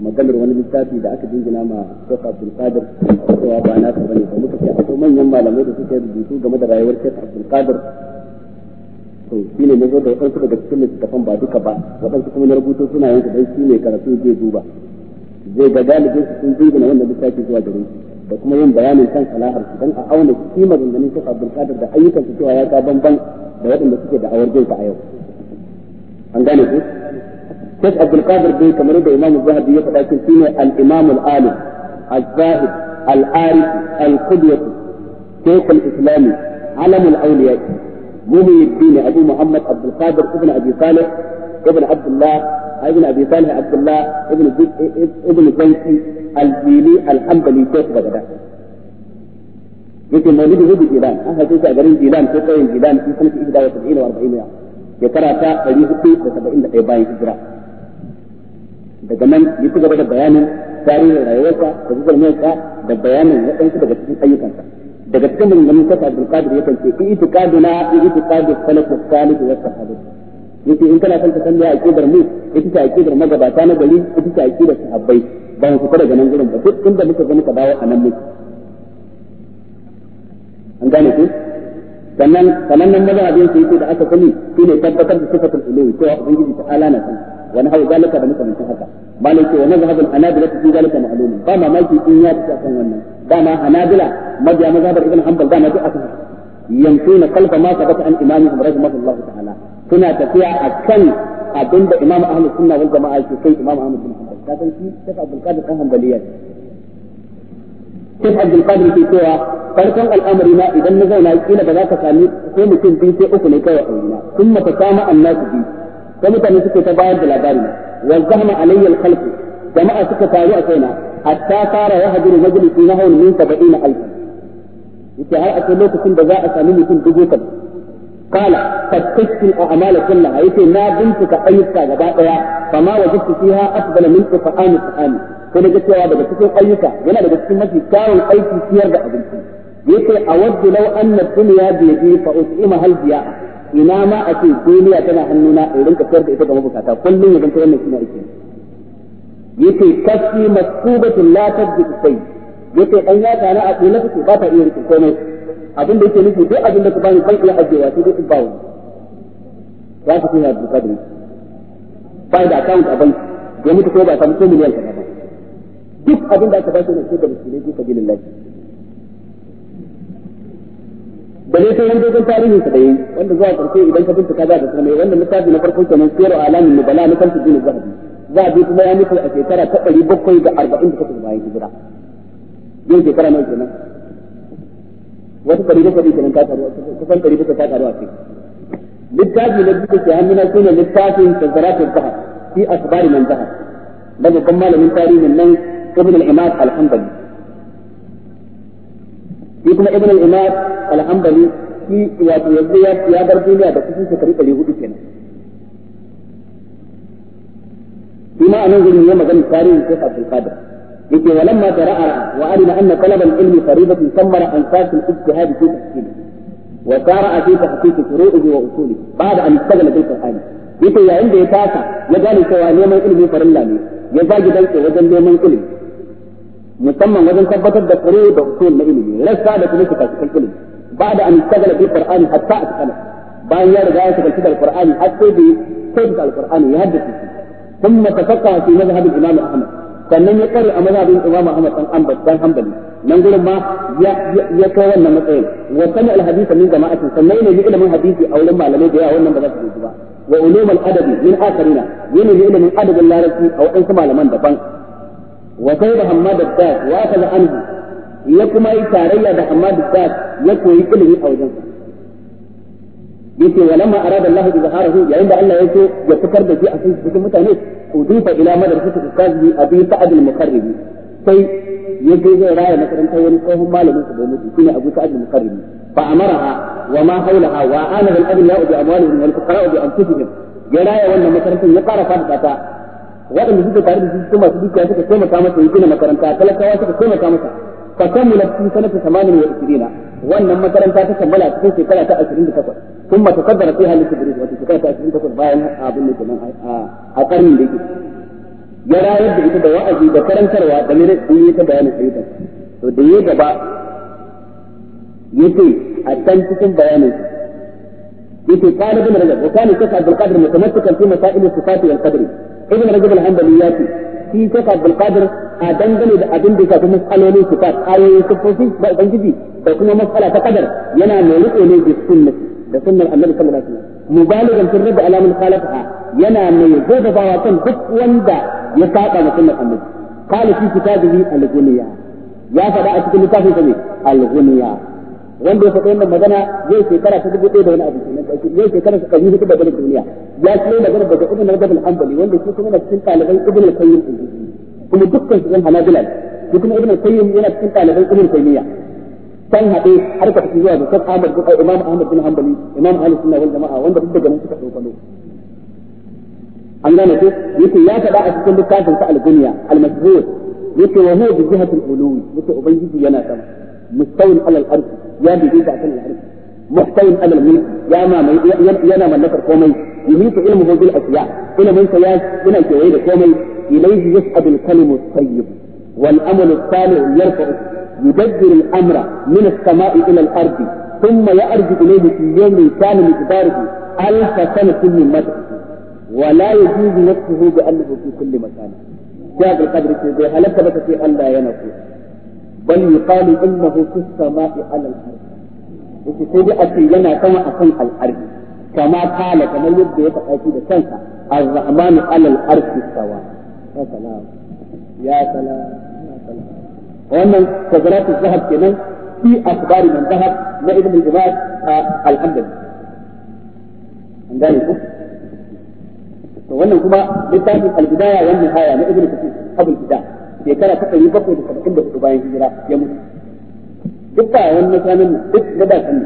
maganar wani littafi da aka jingina ma Sheikh Abdul Qadir cewa ba na ka bane ba muka ce akwai manyan malamai da suke rubutu game da rayuwar Sheikh Abdul Qadir to shi ne zo da wadansu daga cikin littafan ba duka ba wadansu kuma na rubutu suna yin dan shi ne karatu zai duba zai ga galibin su sun jingina wannan littafi zuwa gare shi da kuma yin bayanin kan salahar su dan a auna kimar ganin Sheikh Abdul Qadir da ayyukan su cewa ya ka banban da waɗanda suke da awar jinsa a yau an gane ku شيخ عبد القادر بن كما الامام الذهبي يقول لكن فينا الامام العالم الزاهد العارف القدوه شيخ الاسلامي علم الاولياء مولي الدين ابو محمد عبد القادر ابن ابي صالح ابن عبد الله ابن ابي صالح عبد الله ابن ابن زيتي الديني الحنبلي شيخ بغداد يمكن مولده هو بجيلان an haife shi جيلان garin jilan جيلان في سنه sun sanar da 71 wa 40 ya karata 471 bayan daga nan ya ci gaba da bayanin tarihin rayuwarsa da gugurmiyarsa da bayanin waɗansu daga cikin ayyukansa daga cikin maganganun kasa abdul qadir yakan ce in itiqadu na in itiqadu salatu salih wa sahabu yace in kana son ka san me aqidar mu ita ce aqidar magabata na gari ita ce aqidar sahabbai ba mu fita daga nan gurin ba duk inda muka ga muka dawo a nan muke an gane ku sannan sannan nan abin sai yake da aka sani shine tabbatar da sifatul ulu cewa ubangiji ta'ala na san wani hawa zalika da muka mutum haka malai ce wa mazhabul hanabila fi zalika ma'lum ba ma maki in ya ta kan wannan ba ma hanabila mabiya mazhabar ibn hanbal ba ma duk akan yamsuna kalfa ma sabata an imamihim rahimahullah ta'ala suna tafiya akan abinda imam ahlus sunna wal jama'a ke kai imam ahmad bin hanbal ka san shi shaykh abdul qadir kan hanbaliya Sheikh Abdul Qadir ke cewa farkon al'amari na idan na zauna kila ba za ka sami sai mutum biyu sai uku ne kawai a wurina sun mata kama annasu biyu sai mutane suke ta bayar da labari na والزحم علي الخلق جماعة سكتاري أكينا حتى صار يهجر مجلس نحو من سبعين ألفا yake har akwai lokacin da za a sami mutum dubu kan kala fatakkin a amala kullaha yake na bincika ayyuka ga gaba daya fama wajadtu fiha afdala min qita'ani ta'ami sai daga cewa daga cikin ayyuka yana da cikin mafi kyawun aiki siyar da abinci yake a wadda law anna dunya bi yadi fa usima hal biya'a ina ma a ce duniya tana hannuna in rinka sayar da ita ga mabukata kullum ya zanto wannan shine aiki yace kafi maskubatun la tabdi sai yace dan ya tana a tsina take ba ta iya rikin komai abin da yake nufi duk abin da ka bani ban iya ajewa sai dai in bawo za ka tuna da kadin bai da account a banki domin ka ko ba ka mutum miliyan ka ba duk abin da aka ba shi ne sai da musulmi ka bilin da ne sai hantocin tarihi su dai wanda zuwa karshe idan ka bincika za ka san mai wannan littafi na farko kenan sirru alamin nubala na kansu dinin zahabi za a bi kuma ya mutu a shekara ta ɗari bakwai da arba'in da takwas bayan hijira yau shekara nawa kenan wata ɗari bakwai kenan ta karu kusan ɗari bakwai ta karu a ciki littafi na biyu da ke hannuna shine littafin tazaratun zahab fi asbari man zahab da babban malamin tarihin nan ibn al-imad al-hanbali shi kuma ibn al-imad al-hanbali shi wato yanzu ya bar duniya da kusan shekaru ɗari hudu kenan shi ma anan gurin ya magana tarihin Sheikh Abdul Qadir yake walamma tara'a wa alima anna talab al-ilmi faridatun sammara ansat al-ijtihad fi tahsil wa sara'a fi tahqiq furu'ihi wa usulihi ba'da an istaghala bil Qur'an yake yayin da ya tasa ya gane cewa neman ilimi farilla ne ya zagi dantse wajen neman ilimi musamman wajen tabbatar da furu da usul na ilimi rassa da kuma cikakken ilimi ba da an tagala bil qur'ani hatta atqala bayan ya riga ya cikakken alqur'ani har sai da sai da alqur'ani ya haddace shi ثم تفقه في مذهب الامام احمد sannan ya kare a mazhabin imam ahmad dan ambal dan hanbali nan gurin ma ya ya kai wannan matsayin wa sami al hadith min jama'atin sannan ne bi ilimin hadisi a wurin malamai da yawa wannan ba za su ba wa ulum adabi adab min akharina yana bi ilimin adabin larabci a wadansu malaman daban wa sai da Hammad al-Qas wa akhadha anhu ya kuma yi tarayya da Hammad al ya koyi ilimi a wajen yace walamma arada Allah izharahu yayin da Allah yake ya fitar da shi a cikin mutane udifa ila madrasati al-Qas bi Abi Sa'd al-Muqarribi sai ya je zai raya makarantar wani tsohon malamin su da mutu shine Abu Sa'd wa ma wa ana ya wannan makarantar ya fara fadata waɗanda suka tare da shi su masu dukiya suka taimaka masa ya gina makaranta talakawa suka taimaka masa fa kammala fi sanata 28 wannan makaranta ta kammala cikin shekara ta 28 kuma takaddara fiha li tadris wato shekara ta 28 bayan abin da kenan a karnin da yake ya rayar da ita da wa'azi da karantarwa da ne yi ta bayanin ayyukan to da ya gaba yace a can cikin bayanin yace qala ibn rajab wa kana shaykh abdul qadir mutamassikan fi masail as-sifat wal qadr ibn rajab al-hanbali ya ce shi shek abdul qadir a dangane da abin da ya shafi mas'alolin sifat ayoyi sifofi da ubangiji da kuma mas'ala ta qadar yana mai riko ne da sunnah da sunnar annabi sallallahu alaihi wasallam mubaligan fi rabb alamin khalafaha yana mai gobabawa kan duk wanda ya saba da sunnar annabi qala fi kitabihi al-ghuniya ya faɗa a cikin littafin sa ne al-ghuniya wanda ya faɗi wannan magana yau shekara ta dubu ɗaya da wani abu kenan ƙarshe yau shekara ta ɗari hudu da ganin duniya ya ce magana daga ibn Rajab al-Hanbali wanda shi kuma yana cikin ɗaliban ibn al-Qayyim kuma dukkan su ɗan Hanabila shi kuma ibn al-Qayyim yana cikin ɗaliban ibn al-qayyim san haɗe har ka tafi zuwa ga kan Ahmad bin Imam Ahmad bin Hanbali Imam Ahlus Sunna wal Jama'a wanda duk daga nan suka tsokano an gane ko yake ya faɗa a cikin littafin sa al-Dunya al-Mashhur yake wa huwa bi jihati al-ulwi yake ubangiji yana sama مستوٍ على الأرض يا بيجي عشان الأرض مستوٍ على الملك يا ما يا من نفر قومي يهيط علمه بالأشياء إلى من سياس إلى كويد كومي إليه يسحب الكلم الطيب والأمل الصالح يرفع يبدل الأمر من السماء إلى الأرض ثم يأرج إليه في يوم كان مقداره ألف سنة من مدر ولا يجوز نفسه بأنه في كل مكان جاء القدر في ذي هلك بك في أن لا ينفوه بل يقال انه في السماء على الارض yake sai dai a ce yana sama akan al'arfi kama kala kamar yadda ya faɗa shi da kansa ar-rahmanu ala al-arshi sawa ya salam ya salam wannan sagratu zahab kenan fi asbari man zahab na ibn al-ibad al-hamdani an gane ku to wannan kuma littafin al-bidaya wannan haya na ibn kathir abul bidaya shekara ta ɗari bakwai da saba'in da hudu bayan hijira ya mutu duk ba wani mutanen nan duk na ba sani.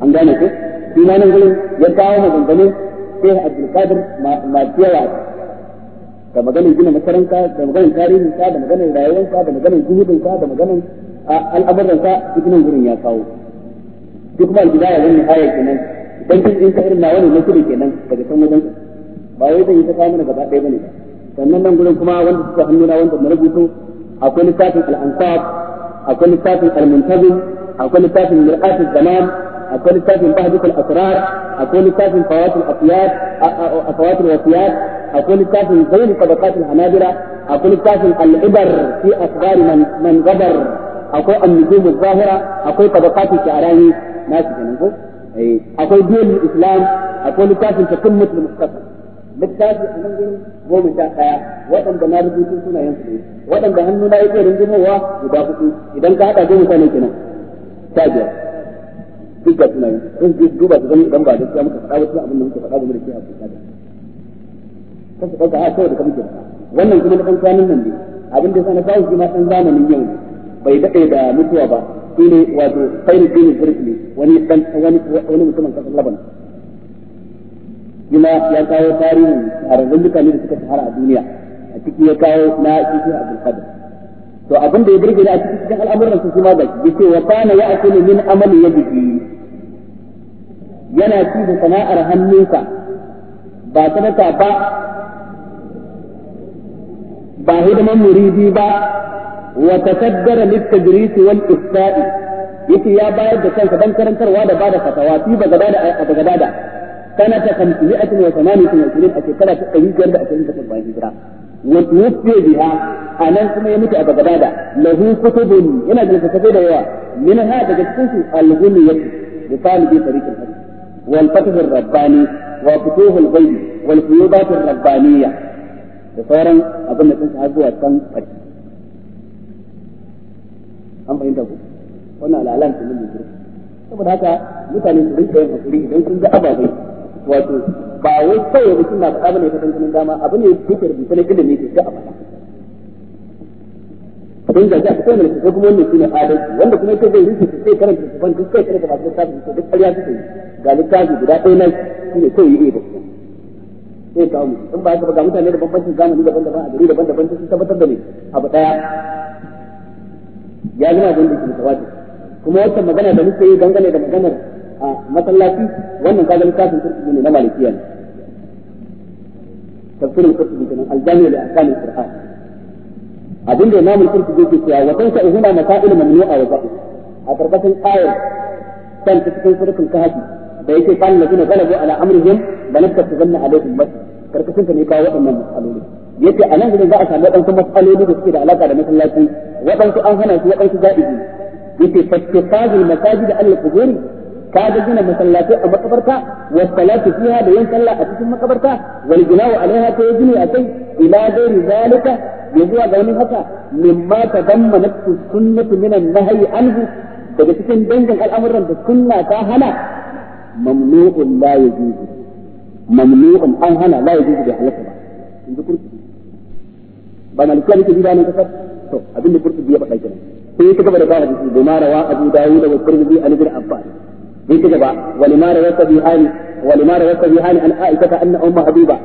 an gane ku? shi ma nan gurin ya kawo maganganun sai abdulkadir masu yawa da maganin gina makaranta da maganin tarihin sa da maganin sa da maganin zuhudin sa da maganin al'amuran sa duk nan gurin ya kawo duk ma ya wannan ayar kenan dan kin ta irin na wani mutum kenan daga san wajen ba wai zan yi ta kawo mana gaba ɗaya bane sannan nan gurin kuma wanda suka hannu na wanda na rubutu akwai littafin al-ansab akwai littafin al-muntazim akwai littafin mir'atul zaman akwai littafin bahdutul asrar akwai littafin fawatul afiyat fawatul wasiyat akwai littafin zayn tabaqatul hanabira akwai littafin al-ibar fi asghar man man gabar akwai an-nujum az-zahira akwai tabaqatul sha'rani nasu kenan ko akwai dinin islam akwai littafin takammul mustaqbal littafi a nan gurin goma sha ɗaya waɗanda na rubutu yin su ne waɗanda hannu na yake rungumowa guda kuɗi idan ka haɗa goma sha ne kenan sha biyar duk da sunayen sun ji duba su zama idan ba gaskiya muka faɗa wasu abin da muka faɗa ba mu da shi a kusa da kan su ɗauka a kawai da kamar kirka wannan kuma na ɗan kwanan nan ne abin da sana kawo shi ma ɗan zamanin yau ne bai daɗe da mutuwa ba shi ne wato khairu dini turki wani wani wani mutumin kasar laban jima ya kawo tarihin shahararrun mutane da suka shahara a duniya a ciki ya kawo na cikin abul qadr to abin da ya birge a cikin cikin al'amuran su kuma ga yace wa kana ya akulu min amali yadihi yana ci da sana'ar hannunsa ba sadaka ba ba hidiman muridi ba wa tasaddara lit tajrisi wal ifsa'i yake ya bayar da kansa dan karantarwa da bada fatawa fi gaba da da? kana ta kamci yi a cikin wata mani cikin alfilin a shekara ta ɗari biyar da ashirin da ta bayan hijira. Wasu wuce biya a nan kuma ya mutu a Bagdada lahu kutubun yana da littattafai da yawa min ha daga cikin su alhulu yake bi talibi tarikin hadis wal fatih ar rabbani wa futuh al ghaib wal fiyubat ar rabbaniyya da sauran abin da kansa har zuwa kan fadi. an fahimta ku wannan al'alan ta nuna saboda haka mutane su rinka yin hakuri idan sun ga ababai wato ba wai kawai da kuma faɗa bane fatan ganin dama abu ne yake rubuta na ilimi ke ga a faɗa don da za kuma ne mulki ko kuma wannan shine adalci wanda kuma yake zai rubuta sai karanta su ban duk sai karanta ba sai tafi duk ƙarya suke ga littafi guda ɗaya nan shine kai yi da su sai kawo mu in ba ka ga mutane da bambancin zamani daban-daban a gari daban-daban sai tabbatar da ni abu daya ya gina zama abin da ke kuma wata magana da muke yi dangane da maganar masallaci wannan kaga kafin kurtubi ne na malikiya ne tafsirin kurtubi kenan aljami'u li ahkamil qur'an abin da imamul kurtubi yake cewa wa tanka huna masail mamnu'a wa zabu a karkashin ayar kan ta cikin surkun kahfi da yake kan na gina galabu ala amrihim banatta tuzanna alaihim bas karkashin ka ne kawo waɗannan matsaloli yace a nan gudun za a samu wadansu matsaloli da suke da alaka da masallaci Wadansu an hana su waɗansu zaɓi yace fattifazul masajid al-quburi ka ga gina masallatai a makabarta wa salatu fiha da yin sallah a cikin makabarta wal jina'u alaiha ta gini a kai ila gairi zalika ya zuwa ga wani haka mimma tadammanat sunnatu min an-nahyi anhu daga cikin dangin al'amuran da sunna ta hana mamnu'un la yajuzu mamnu'un an hana la yajuzu bi halaka ba inda kurkuku ba malikiya nake gida nan kasar to abin da kurkuku ya faɗa kenan sai ya gaba da ba hadisi da ma rawa abu dawud da tirmidhi an ibn abbas بكذا ولما روى صحيحان ولما روى صحيحان عن عائشة أن أم حبيبة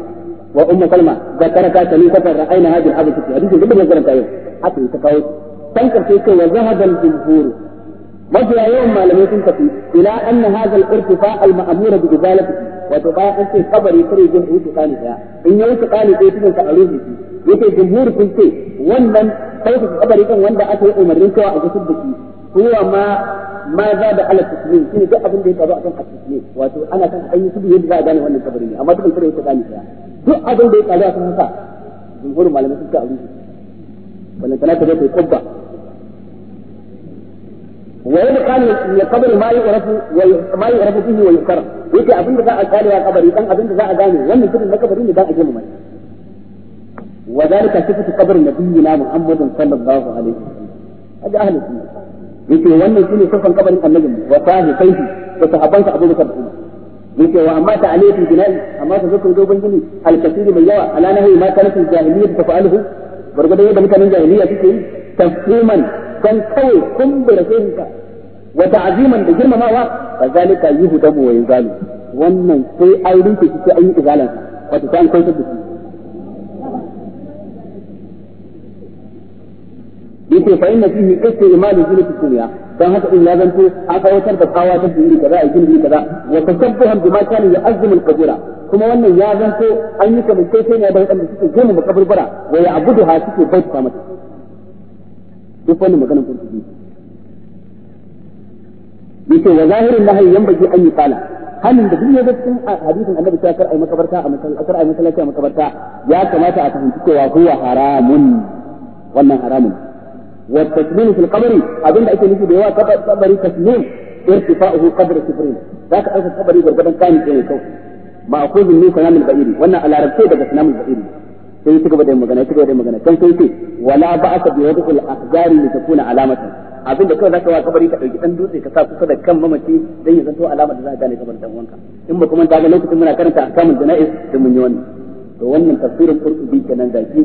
وأم سلمة ذكرتا شريفة رأينا هذه الحديث في حديث جدا ذكرتا يوم حتى يتفاوت تنكر فيك hadal الجمهور mafiya yawan malamai sun tafi ila anna hadha al-irtifa al-ma'mura bi izalati wato ba an ce kabari kare jin wuce kani daya in wuce kani sai cikin ka a yake jumhur sun ce wannan sauka kabari kan wanda aka yi umarnin cewa a gusur da shi huwa ma ma za da ala tasmin shine duk abin da ya faru akan tasmin wato ana kan an yi tudu yadda za a gane wannan kabari ne amma dukkan kare ko gane daya duk abin da ya faru akan haka jumhurin malamai suka aure wannan tana ta kai kubba wa yadda kan ya kabari ma ya rafu ma yi rafu fihi wa yukar yake abin da za a gane ya kabari dan abin da za a gane wannan tudun na kabari ne dan a gane mai وذلك صفة قبر نبينا محمد صلى الله عليه وسلم هذا أهل السنة yace wannan shine sufan kabarin annabi wa sahi kai da sahabbansa Abu Bakar Umar yace wa amma ta'aliyatu bina'i amma ta zikru dogon gini al-kasiri mai yawa ala nahi ma kanat al-jahiliyyah tafa'aluhu gurgudan yadda mutanen jahiliya suke yi tafsiman dan kawai kumbura ka wa ta'ziman da girmamawa fa zalika yuhdamu wa yuzalu wannan sai an rike shi sai an yi izalan wato sai an kautar yake fa inna fihi istimal zinati dunya dan haka in lazan to an kawatar da kawa ta duniya kaza a gindi kaza wa tasabbuhan bima kana ya'azzimu al-qabura kuma wannan ya zanto an yi kamar kai ne da wadanda suke gina makaburbura wa ya'buduha suke bauta mata duk wani maganar kurkuku yake wa zahirin nahi yanbaghi an yi qala hannun da duk ya ga cikin hadisin annabi ta kar ai makabarta a masallaci kar ai masallaci a makabarta ya kamata a fahimci cewa huwa haramun wannan haramun wa taslim fil qabri abinda ake nufi da yawa kabari taslim irtifa'uhu qadr sifrin zaka dauka kabari gurgudan kani ɗaya kau ma'khuzun min sanamil ba'iri wannan a larabce daga sanamil ba'iri sai ya cigaba da magana ya cigaba da magana kan sai ce wala ba'asa bi wadul ahzari li takuna alamatan abinda kawai zaka wa kabari ka dauki dan dutse ka sa kusa da kan mamaci dan ya zanto alama da za ka gane kamar dan wanka in ba kuma daga lokacin muna karanta ahkamul janaiz da mun yi wannan to wannan tafsirin qurtubi kenan da shi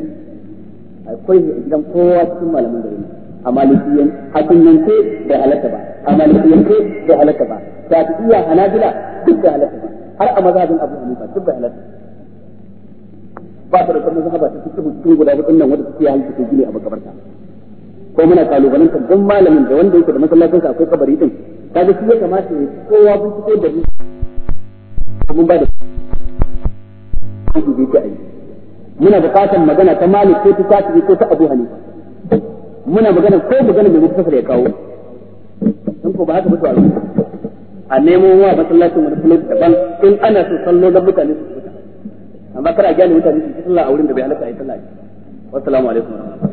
akwai idan kowa cikin malaman gari a malikiyan a sunnance bai halatta ba a malikiyance bai halatta ba ta shafi'iyya hanabila duk bai halatta ba har a mazhabin abu hanifa duk bai halatta ba ta da kuma zahaba ta cikin mutum guda hudun nan wanda suke halitta gine a makabarta ko muna ta don malamin da wanda yake da masallacin masallacinsa akwai kabari din ta kaga shi ya kamata ya kowa bincike da mun ba da aiki da yake aiki muna bukatar magana ta malik ko ta shafi ko ta abu hanifa muna magana ko magana mai mutu ya kawo sun ko ba haka mutu a a nemo wa masallacin wani fulo daban in ana so sallo da mutane su kuta amma kar a gane mutane su sallah a wurin da bai halaka a yi sallah assalamu alaikum